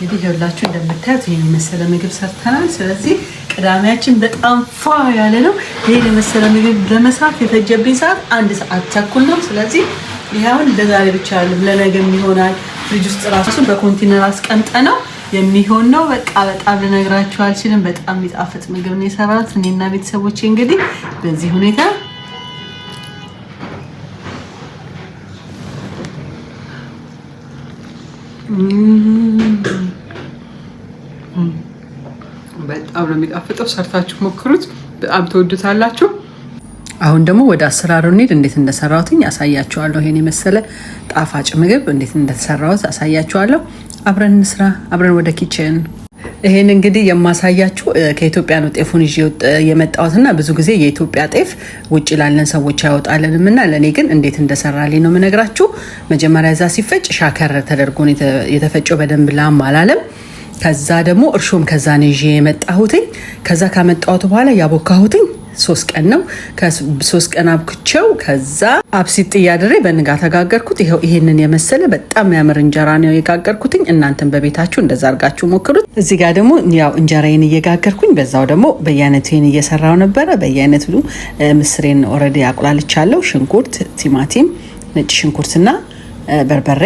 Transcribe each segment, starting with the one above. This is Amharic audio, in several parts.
እንግዲህ ይኸውላችሁ እንደምታዩት ይሄን የመሰለ ምግብ ሰርተናል። ስለዚህ ቅዳሜያችን በጣም ፏ ያለ ነው። ይሄን የመሰለ ምግብ ለመስራት የፈጀብኝ ሰዓት አንድ ሰዓት ተኩል ነው። ስለዚህ ይሄ ለዛሬ ብቻ አይደለም ለነገም ይሆናል። ፍሪጅ ውስጥ ራሱ በኮንቲነር አስቀምጠ ነው የሚሆን ነው። በቃ በጣም ልነግራችሁ አልችልም። በጣም የሚጣፍጥ ምግብ ነው የሰራት እኔና ቤተሰቦቼ እንግዲህ በዚህ ሁኔታ በጣም ነው የሚጣፍጠው። ሰርታችሁ ሞክሩት፣ በጣም ትወዱታላችሁ። አሁን ደግሞ ወደ አሰራሩ እንሂድ። እንዴት እንደሰራሁትኝ አሳያችኋለሁ። ይሄን የመሰለ ጣፋጭ ምግብ እንዴት እንደተሰራሁት አሳያችኋለሁ። አብረን እንስራ፣ አብረን ወደ ኪችን ይሄን እንግዲህ የማሳያችሁ ከኢትዮጵያ ነው ጤፉን ይዤ የመጣሁትና ብዙ ጊዜ የኢትዮጵያ ጤፍ ውጭ ላለን ሰዎች አይወጣልንም እና ለእኔ ግን እንዴት እንደሰራልኝ ነው የምነግራችሁ። መጀመሪያ እዛ ሲፈጭ ሻከር ተደርጎን የተፈጨው በደንብ ላም አላለም ከዛ ደግሞ እርሾም ከዛ ነው ይዤ የመጣሁትኝ። ከዛ ካመጣሁት በኋላ ያቦካሁትኝ ሶስት ቀን ነው። ሶስት ቀን አብክቸው ከዛ አብሲጥ እያድሬ በንጋት ተጋገርኩት። ይኸው ይሄንን የመሰለ በጣም የሚያምር እንጀራ ነው የጋገርኩትኝ። እናንተን በቤታችሁ እንደዛ አርጋችሁ ሞክሩት። እዚህ ጋር ደግሞ ያው እንጀራዬን እየጋገርኩኝ በዛው ደግሞ በየአይነቱን እየሰራው ነበረ። በየአይነቱ ምስሬን ኦልሬዲ አቁላልቻለሁ። ሽንኩርት፣ ቲማቲም፣ ነጭ ሽንኩርትና በርበሬ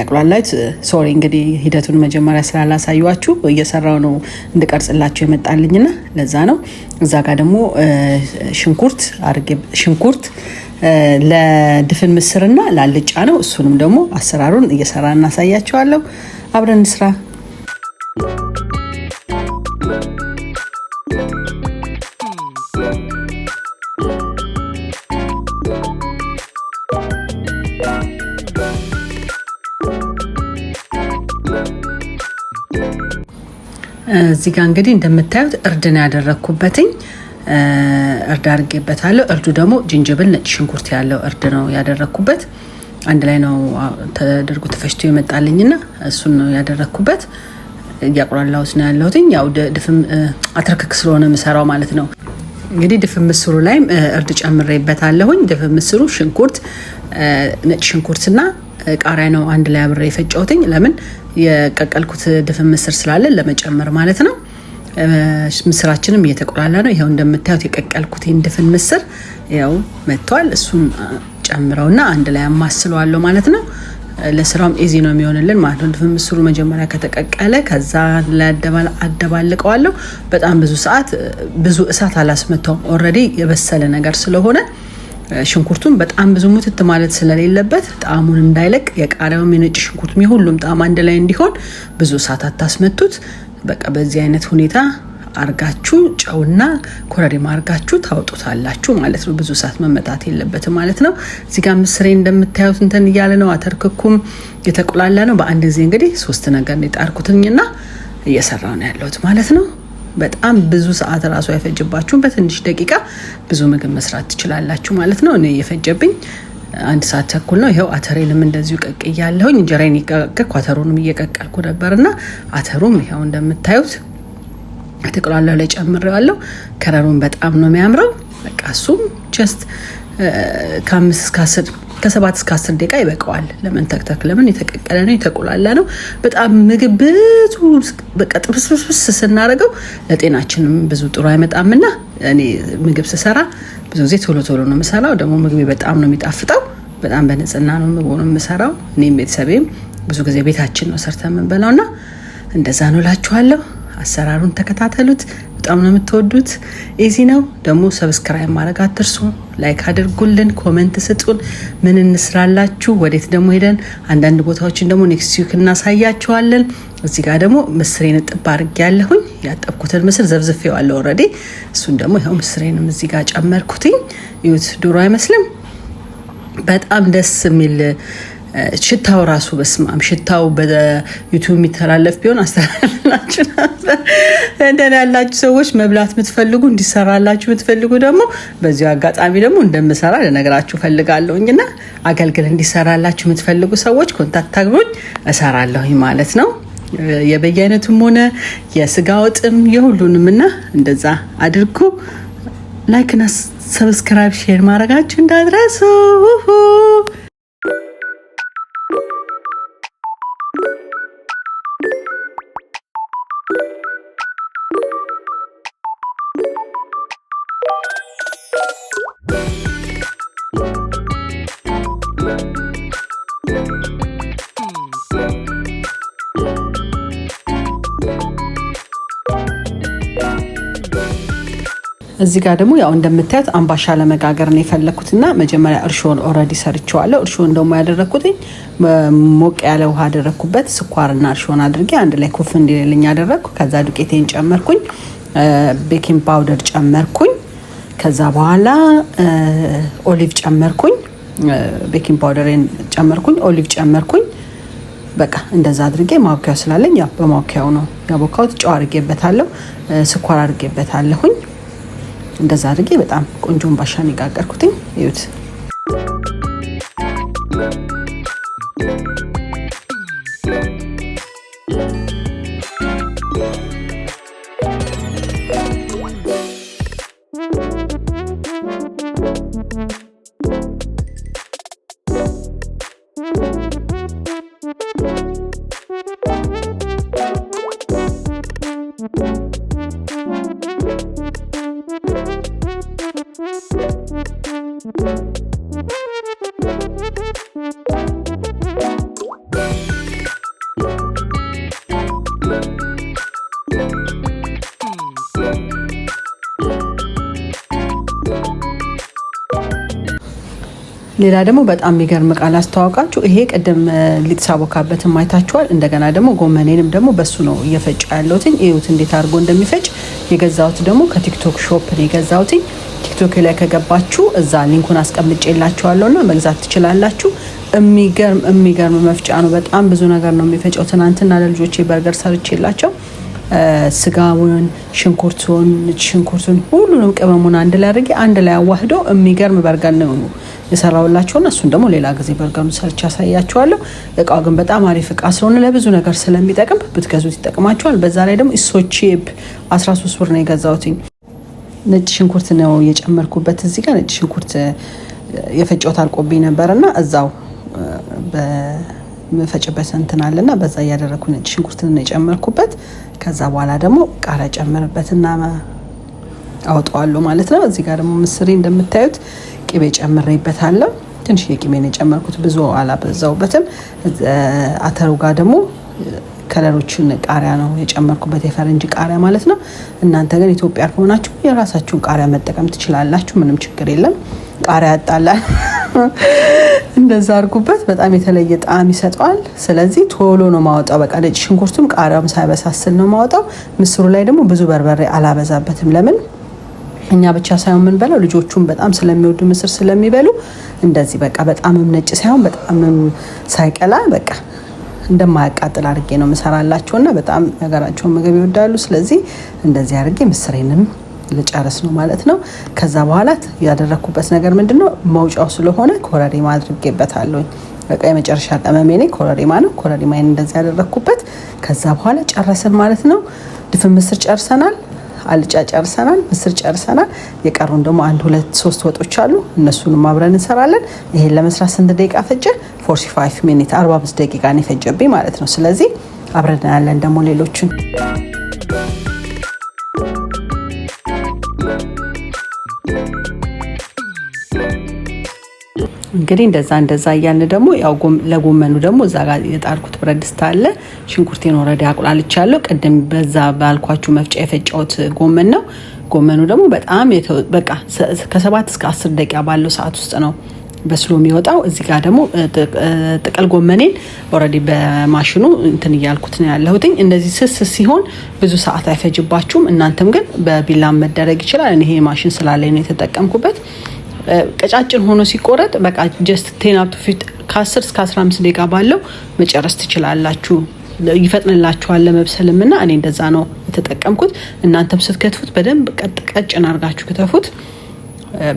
ያቅሏላት ሶሪ እንግዲህ ሂደቱን መጀመሪያ ስላላሳዩችሁ እየሰራው ነው እንድቀርጽላችሁ የመጣልኝና ለዛ ነው። እዛ ጋር ደግሞ ሽንኩርት ሽንኩርት ለድፍን ምስርና ላልጫ ነው። እሱንም ደግሞ አሰራሩን እየሰራ እናሳያቸዋለሁ። አብረን ስራ እዚህ ጋር እንግዲህ እንደምታዩት እርድ ነው ያደረግኩበትኝ። እርድ አድርጌበታለሁ። እርዱ ደግሞ ጅንጅብል፣ ነጭ ሽንኩርት ያለው እርድ ነው ያደረግኩበት። አንድ ላይ ነው ተደርጎ ተፈጭቶ ይመጣልኝና እሱን ነው ያደረግኩበት። እያቁላላሁት ነው ያለሁትኝ። ያው ድፍም አትረክክ ስለሆነ የምሰራው ማለት ነው። እንግዲህ ድፍም ምስሩ ላይም እርድ ጨምሬበታለሁኝ። ድፍም ምስሩ ሽንኩርት፣ ነጭ ሽንኩርትና ቃሪያ ነው አንድ ላይ አብሬ የፈጨሁትኝ። ለምን የቀቀልኩት ድፍን ምስር ስላለ ለመጨመር ማለት ነው። ምስራችንም እየተቆላላ ነው። ይኸው እንደምታዩት የቀቀልኩት ድፍን ምስር ያው መጥቷል። እሱን ጨምረውና አንድ ላይ አማስለዋለሁ ማለት ነው። ለስራውም ኤዚ ነው የሚሆንልን ማለት ነው። ድፍን ምስሩ መጀመሪያ ከተቀቀለ ከዛ ላይ አደባልቀዋለሁ። በጣም ብዙ ሰዓት ብዙ እሳት አላስመታውም። ኦልሬዲ የበሰለ ነገር ስለሆነ ሽንኩርቱን በጣም ብዙ ሙትት ማለት ስለሌለበት ጣዕሙን እንዳይለቅ የቃሪያውም የነጭ ሽንኩርቱም የሁሉም ጣዕም አንድ ላይ እንዲሆን ብዙ እሳት አታስመቱት። በቃ በዚህ አይነት ሁኔታ አርጋችሁ ጨውና ኮረሪማ አርጋችሁ ታውጡታላችሁ ማለት ነው። ብዙ ሰዓት መመጣት የለበትም ማለት ነው። እዚህ ጋር ምስሬ እንደምታዩት እንትን እያለ ነው። አተርክኩም የተቆላላ ነው። በአንድ ጊዜ እንግዲህ ሶስት ነገር ነው የጣርኩትኝና እየሰራው ነው ያለሁት ማለት ነው። በጣም ብዙ ሰዓት እራሱ አይፈጅባችሁም። በትንሽ ደቂቃ ብዙ ምግብ መስራት ትችላላችሁ ማለት ነው። እኔ የፈጀብኝ አንድ ሰዓት ተኩል ነው። ይኸው አተሬንም እንደዚሁ ቀቅ እያለሁኝ እንጀራዬን እየቀቀልኩ አተሩንም እየቀቀልኩ ነበር ነበርና አተሩም ይኸው እንደምታዩት ተቅሏለሁ ላይ ጨምሬዋለሁ። ከረሩን በጣም ነው የሚያምረው። በቃ እሱም ጀስት ከአምስት እስከ አስር ከሰባት እስከ አስር ደቂቃ ይበቀዋል ለመንተክተክ ለምን የተቀቀለ ነው የተቆላላ ነው። በጣም ምግብ ብዙ በቃ ጥብስብስብስ ስናደርገው ለጤናችንም ብዙ ጥሩ አይመጣም እና እኔ ምግብ ስሰራ ብዙ ጊዜ ቶሎ ቶሎ ነው የምሰራው። ደግሞ ምግቤ በጣም ነው የሚጣፍጠው። በጣም በንጽህና ነው ምግቡ ነው የምሰራው። እኔም ቤተሰቤም ብዙ ጊዜ ቤታችን ነው ሰርተ እና እንደዛ ነው እላችኋለሁ። አሰራሩን ተከታተሉት። በጣም ነው የምትወዱት። ኢዚ ነው ደግሞ ሰብስክራይብ ማድረግ አትርሱ። ላይክ አድርጉልን፣ ኮመንት ስጡን። ምን እንስራላችሁ፣ ወዴት ደግሞ ሄደን አንዳንድ ቦታዎችን ደግሞ ኔክስት ዊክ እናሳያችኋለን። እዚህ ጋር ደግሞ ምስሬን ጥብ አድርጌ ያለሁኝ ያጠብኩትን ምስር ዘብዝፌዋለሁ ኦልሬዲ። እሱን ደግሞ ይኸው ምስሬንም እዚህ ጋር ጨመርኩትኝ። ዩት ዱሮ አይመስልም? በጣም ደስ የሚል ሽታው ራሱ በስማም ሽታው በዩቱብ የሚተላለፍ ቢሆን አስተላለፍላችሁ ነበር። ያላችሁ ሰዎች መብላት የምትፈልጉ እንዲሰራላችሁ የምትፈልጉ ደግሞ በዚሁ አጋጣሚ ደግሞ እንደምሰራ ልነግራችሁ ፈልጋለሁ እና አገልግል እንዲሰራላችሁ የምትፈልጉ ሰዎች ኮንታክት አግሮኝ እሰራለሁኝ ማለት ነው። የበየአይነቱም ሆነ የስጋ ወጥም የሁሉንም እና እንደዛ አድርጉ። ላይክና ሰብስክራይብ ሼር ማድረጋችሁ እንዳትረሱ። እዚህ ጋር ደግሞ ያው እንደምታዩት አምባሻ ለመጋገር ነው የፈለግኩትና መጀመሪያ እርሾን ኦልሬዲ ሰርቼዋለሁ። እርሾን ደግሞ ያደረግኩትኝ ሞቅ ያለ ውሃ አደረግኩበት። ስኳርና እርሾን አድርጌ አንድ ላይ ኩፍ እንዲልልኝ አደረግኩ። ከዛ ዱቄቴን ጨመርኩኝ፣ ቤኪንግ ፓውደር ጨመርኩኝ። ከዛ በኋላ ኦሊቭ ጨመርኩኝ፣ ቤኪንግ ፓውደርን ጨመርኩኝ፣ ኦሊቭ ጨመርኩኝ። በቃ እንደዛ አድርጌ ማውኪያው ስላለኝ ያው በማውኪያው ነው ያቦካሁት። ጨው አድርጌበታለሁ፣ ስኳር አድርጌበታለሁኝ እንደዛ አድርጌ በጣም ቆንጆን ባሻ ነው የጋገርኩትኝ። ይዩት። ሌላ ደግሞ በጣም የሚገርም ቃል አስተዋውቃችሁ ይሄ ቅድም ሊጥ ሳቦካበትን ማይታችኋል። እንደገና ደግሞ ጎመኔንም ደግሞ በሱ ነው እየፈጨ ያለሁትኝ። እዩት እንዴት አድርጎ እንደሚፈጭ የገዛሁት ደግሞ ከቲክቶክ ሾፕ ነው የገዛሁትኝ። ቲክቶክ ላይ ከገባችሁ እዛ ሊንኩን አስቀምጬላችኋለሁ እና መግዛት ትችላላችሁ። የሚገርም የሚገርም መፍጫ ነው። በጣም ብዙ ነገር ነው የሚፈጨው። ትናንትና ለልጆቼ በርገር ሰርቼላቸው ስጋውን፣ ሽንኩርቱን፣ ሽንኩርቱን ሁሉንም ቅመሙን አንድ ላይ አድርጌ አንድ ላይ አዋህደው የሚገርም በርገር ነው የሰራውላቸውና እሱን ደግሞ ሌላ ጊዜ በርገሩ ሰርች ያሳያቸዋለሁ። እቃው ግን በጣም አሪፍ እቃ ስለሆነ ለብዙ ነገር ስለሚጠቅም ብትገዙት ይጠቅማቸዋል በዛ ላይ ደግሞ ኢሶ 13 ብር ነው የገዛውትኝ። ነጭ ሽንኩርት ነው የጨመርኩበት። እዚህ ጋር ነጭ ሽንኩርት የፈጨሁት አልቆብኝ ነበር እና እዛው በምፈጭበት እንትን አለና በዛ እያደረግኩ ነጭ ሽንኩርት ነው የጨመርኩበት። ከዛ በኋላ ደግሞ ቃሪያ ጨምርበትና አውጠዋለሁ ማለት ነው። እዚህ ጋር ደግሞ ምስሪ እንደምታዩት ቅቤ ጨምሬበታለሁ። ትንሽ የቅቤ የጨመርኩት፣ ብዙ አላበዛውበትም። አተሩ ጋር ደግሞ ከለሮችን ቃሪያ ነው የጨመርኩበት፣ የፈረንጅ ቃሪያ ማለት ነው። እናንተ ግን ኢትዮጵያ ከሆናችሁ የራሳችሁን ቃሪያ መጠቀም ትችላላችሁ። ምንም ችግር የለም። ቃሪያ ያጣላል፣ እንደዛ አድርጉበት። በጣም የተለየ ጣዕም ይሰጠዋል። ስለዚህ ቶሎ ነው ማወጣው። በቃ ነጭ ሽንኩርቱም ቃሪያውም ሳይበሳስል ነው ማወጣው። ምስሩ ላይ ደግሞ ብዙ በርበሬ አላበዛበትም። ለምን እኛ ብቻ ሳይሆን የምንበላው ልጆቹን በጣም ስለሚወዱ ምስር ስለሚበሉ እንደዚህ በቃ በጣምም ነጭ ሳይሆን በጣምም ሳይቀላ በቃ እንደማያቃጥል አድርጌ ነው እና በጣም የሀገራቸውን ምግብ ይወዳሉ። ስለዚህ እንደዚህ አድርጌ ምስሬንም ልጨርስ ነው ማለት ነው። ከዛ በኋላ ያደረግኩበት ነገር ምንድን ነው? መውጫው ስለሆነ ኮረሪማ አድርጌበታለሁ። በቃ የመጨረሻ ቅመሜ እኔ ኮረሪማ ነው። ኮረሪማዬን እንደዚህ ያደረግኩበት። ከዛ በኋላ ጨረስን ማለት ነው። ድፍን ምስር ጨርሰናል። አልጫ ጨርሰናል፣ ምስር ጨርሰናል። የቀሩን ደግሞ አንድ ሁለት ሶስት ወጦች አሉ። እነሱንም አብረን እንሰራለን። ይሄን ለመስራት ስንት ደቂቃ ፈጀ? 45 ሚኒት 45 ደቂቃ ነው የፈጀብኝ ማለት ነው። ስለዚህ አብረን ደግሞ ሌሎችን እንግዲህ እንደዛ እንደዛ እያልን ደግሞ ያው ለጎመኑ ደግሞ እዛ ጋር የጣርኩት ብረት ድስት አለ። ሽንኩርቴን ወረዳ አቁላልቻለሁ። ቅድም በዛ ባልኳችሁ መፍጫ የፈጫሁት ጎመን ነው። ጎመኑ ደግሞ በጣም በቃ ከሰባት እስከ አስር ደቂቃ ባለው ሰዓት ውስጥ ነው በስሎ የሚወጣው። እዚህ ጋር ደግሞ ጥቅል ጎመኔን ኦልሬዲ በማሽኑ እንትን እያልኩት ነው ያለሁትኝ። እንደዚህ ስስ ሲሆን ብዙ ሰዓት አይፈጅባችሁም። እናንተም ግን በቢላም መደረግ ይችላል። ይሄ ማሽን ስላለኝ ነው የተጠቀምኩበት። ቀጫጭን ሆኖ ሲቆረጥ በቃ ጀስት ቴን አፕ ቱ ፊት ከ10 እስከ 15 ደቂቃ ባለው መጨረስ ትችላላችሁ። ይፈጥንላችኋል ለመብሰልም እና እኔ እንደዛ ነው የተጠቀምኩት። እናንተም ስትከትፉት በደንብ ቀጭን አድርጋችሁ ክተፉት።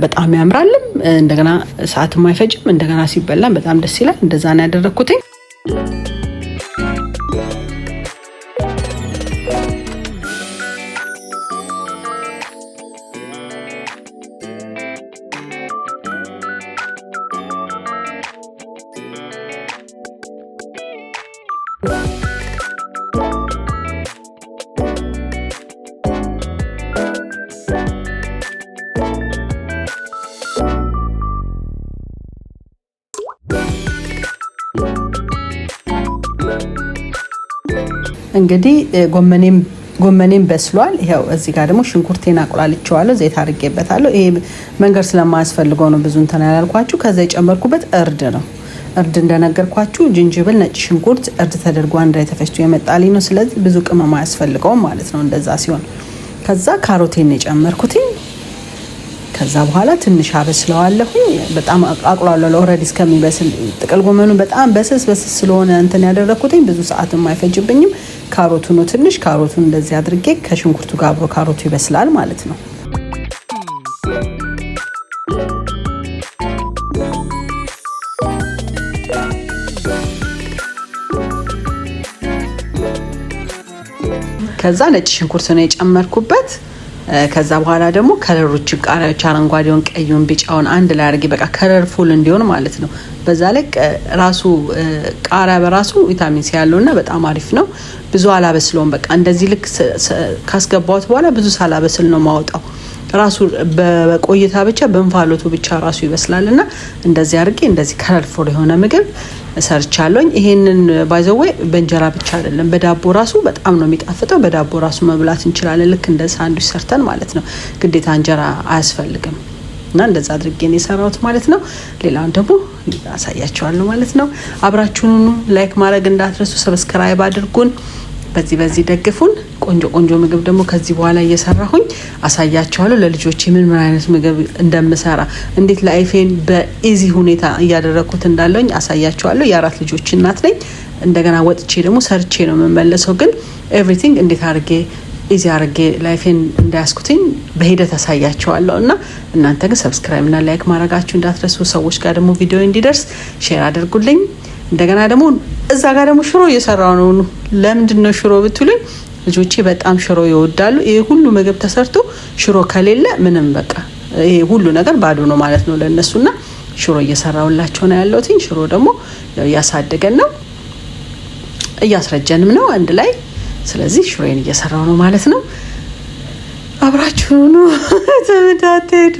በጣም ያምራልም፣ እንደገና ሰዓትም አይፈጅም፣ እንደገና ሲበላም በጣም ደስ ይላል። እንደዛ ነው ያደረግኩትኝ። እንግዲህ ጎመኔም ጎመኔም በስሏል። ይኸው እዚህ ጋር ደግሞ ሽንኩርቴን አቁላልቼዋለሁ፣ ዘይት አድርጌበታለሁ። ይሄ መንገድ ስለማያስፈልገው ነው ብዙ እንትን ያላልኳችሁ። ከዛ የጨመርኩበት እርድ ነው። እርድ እንደነገርኳችሁ ጅንጅብል፣ ነጭ ሽንኩርት፣ እርድ ተደርጎ አንድ ላይ ተፈጭቶ የመጣልኝ ነው። ስለዚህ ብዙ ቅመም አያስፈልገውም ማለት ነው እንደዛ ሲሆን። ከዛ ካሮቴን የጨመርኩትኝ ከዛ በኋላ ትንሽ አበስለዋለሁኝ። በጣም አቁላለ ኦልሬዲ እስከሚበስል ጥቅል ጎመኑ በጣም በስስ በስስ ስለሆነ እንትን ያደረግኩትኝ ብዙ ሰዓትም አይፈጅብኝም። ካሮቱ ነው ትንሽ ካሮቱን እንደዚህ አድርጌ ከሽንኩርቱ ጋር አብሮ ካሮቱ ይበስላል ማለት ነው። ከዛ ነጭ ሽንኩርት ነው የጨመርኩበት። ከዛ በኋላ ደግሞ ከለሮች ቃሪያዎች አረንጓዴውን፣ ቀዩን፣ ቢጫውን አንድ ላይ አድርጌ በቃ ፉል እንዲሆን ማለት ነው። በዛ ላይ ራሱ ቃሪያ በራሱ ቪታሚን ሲ ያለውና በጣም አሪፍ ነው። ብዙ አላበስለውም። በቃ እንደዚህ ልክ ካስገባሁት በኋላ ብዙ ሳላበስል ነው ማወጣው። ራሱ በቆይታ ብቻ በእንፋሎቱ ብቻ ራሱ ይበስላል እና እንደዚህ አድርጌ እንደዚህ ከለርፉል የሆነ ምግብ ሰርቻለኝ ይሄንን ባይዘዌ በእንጀራ ብቻ አይደለም፣ በዳቦ ራሱ በጣም ነው የሚጣፍጠው። በዳቦ ራሱ መብላት እንችላለን፣ ልክ እንደ ሳንዱች ሰርተን ማለት ነው። ግዴታ እንጀራ አያስፈልግም። እና እንደዛ አድርጌ ነው የሰራሁት ማለት ነው። ሌላውን ደግሞ አሳያቸዋለሁ ማለት ነው። አብራችሁኑ ላይክ ማድረግ እንዳትረሱ፣ ሰብስክራይብ አድርጉን። በዚህ በዚህ ደግፉን። ቆንጆ ቆንጆ ምግብ ደግሞ ከዚህ በኋላ እየሰራሁኝ አሳያቸዋለሁ ለልጆች ምን ምን አይነት ምግብ እንደምሰራ እንዴት ላይፌን በኢዚ ሁኔታ እያደረግኩት እንዳለውኝ አሳያቸዋለሁ የአራት ልጆች እናት ነኝ። እንደገና ወጥቼ ደግሞ ሰርቼ ነው የምመለሰው። ግን ኤቭሪቲንግ እንዴት አድርጌ ኢዚ አድርጌ ላይፌን እንዳያስኩትኝ በሂደት አሳያቸዋለሁ እና እናንተ ግን ሰብስክራይብ ና ላይክ ማድረጋችሁ እንዳትረሱ። ሰዎች ጋር ደግሞ ቪዲዮ እንዲደርስ ሼር አድርጉልኝ። እንደገና ደግሞ እዛ ጋር ደግሞ ሽሮ እየሰራ ነው። ለምንድን ነው ሽሮ ብትሉኝ፣ ልጆቼ በጣም ሽሮ ይወዳሉ። ይሄ ሁሉ ምግብ ተሰርቶ ሽሮ ከሌለ ምንም በቃ ይሄ ሁሉ ነገር ባዶ ነው ማለት ነው ለእነሱና ሽሮ እየሰራውላቸው ነው ያለሁት። ሽሮ ደግሞ እያሳደገን ነው እያስረጀንም ነው አንድ ላይ። ስለዚህ ሽሮዬን እየሰራው ነው ማለት ነው። አብራችሁ ተመዳቴዱ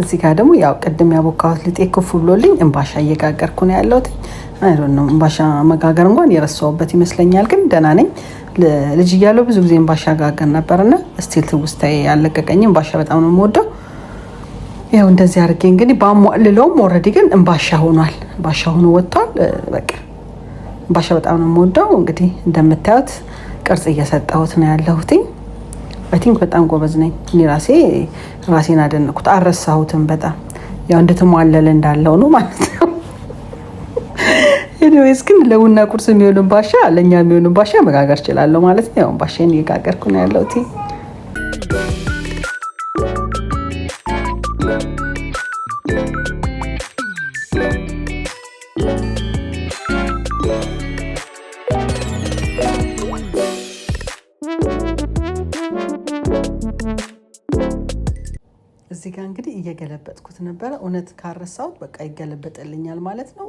እዚህ ጋር ደግሞ ያው ቅድም ያቦካሁት ልጤ ክፉሎልኝ እንባሻ እየጋገርኩ ነው ያለሁት። ነው መጋገር እንኳን የረሳሁበት ይመስለኛል፣ ግን ደህና ነኝ። ልጅ እያለሁ ብዙ ጊዜ እንባሻ ጋገር ነበርና ስቲል ትውስታዬ ያለቀቀኝ እንባሻ በጣም ነው የምወደው። ያው እንደዚህ አድርጌ እንግዲህ በአሟልለውም ኦልሬዲ ግን እንባሻ ሆኗል። እንባሻ ሆኖ ወጥቷል። በቃ ባሻ በጣም ነው የምወደው። እንግዲህ እንደምታዩት ቅርጽ እየሰጠሁት ነው ያለሁት። አይ ቲንክ በጣም ጎበዝ ነኝ እኔ ራሴ ራሴን አደነኩት። አረሳሁትም በጣም ያው እንድትሟለል እንዳለው ነው ማለት ነው። ኤኒዌይስ ግን ለቡና ቁርስ የሚሆንም ባሻ ለእኛ የሚሆንም ባሻ መጋገር እችላለሁ ማለት ነው። ያው ባሻን እየጋገርኩ ነው ያለሁት። እዚህ ጋር እንግዲህ እየገለበጥኩት ነበረ። እውነት ካረሳሁት በቃ ይገለበጠልኛል ማለት ነው።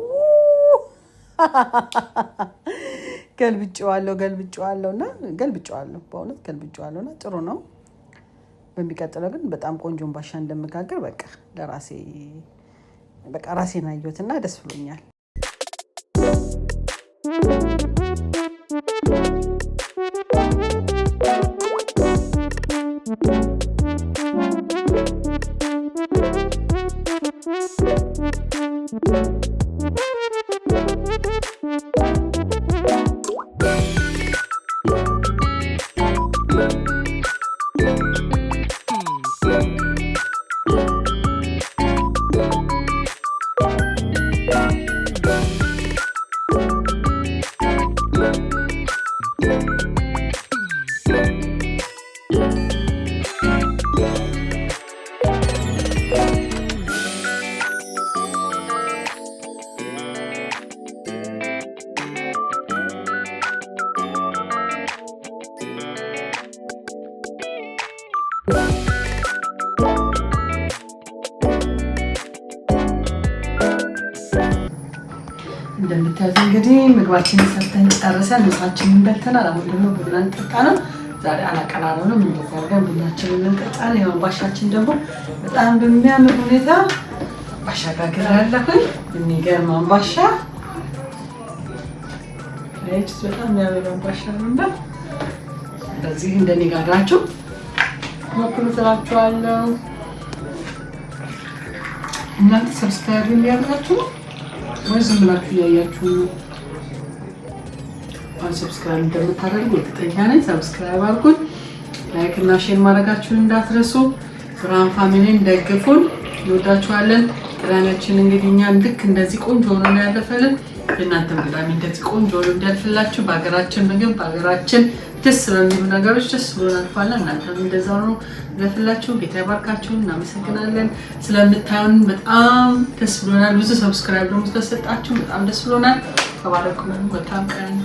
ገልብጬዋለሁ፣ ገልብጬዋለሁ እና ገልብጬዋለሁ፣ በእውነት ገልብጬዋለሁ እና ጥሩ ነው። በሚቀጥለው ግን በጣም ቆንጆ ባሻ እንደምጋገር በቃ ለራሴ በቃ ራሴን አየሁትና ደስ ብሎኛል። Thank you. ምግባችንን ሰርተን ጨርሰን ምሳችንን በልተናል። አሁን ደግሞ ቡና እንጠጣ ነው። ዛሬ አላቀራረብንም። እንደዚያ አድርገን ቡናችንን እንጠጣን። የማንባሻችን ደግሞ በጣም በሚያምር ሁኔታ ባሻጋግር አለሁኝ። የሚገርም አምባሻ ጭስ በጣም የሚያምር አምባሻ ነውና በዚህ እንደኔ ጋግራችሁ ሞክሩ ስላችኋለሁ። እናንተ ሰብስክራይብ የሚያደርጋችሁ ወይ ዝም ብላችሁ እያያችሁ ነው? ቻናል ሰብስክራይብ እንደምታደርጉ እርግጠኛ ነኝ። ሰብስክራይብ አድርጉን፣ ላይክ እና ሼር ማድረጋችሁን እንዳትረሱ። ብርሃን ፋሚሊን ደግፉን። እንወዳችኋለን። ቅዳሜያችን እንግዲህ እኛን ልክ እንደዚህ ቆንጆ ሆኖ ነው ያለፈልን የእናንተም ቅዳሜ እንደዚህ ቆንጆ እንዲያልፍላችሁ በሀገራችን ምግብ በሀገራችን ደስ በሚሉ ነገሮች ደስ ብሎ አልፏለን። እናንተም እንደዛ ነው ለፍላችሁ ጌታ ይባርካችሁን። እናመሰግናለን ስለምታዩን በጣም ደስ ብሎናል። ብዙ ሰብስክራይብ ደግሞ ስለሰጣችሁ በጣም ደስ ብሎናል። ተባረኩ። በጣም ቀን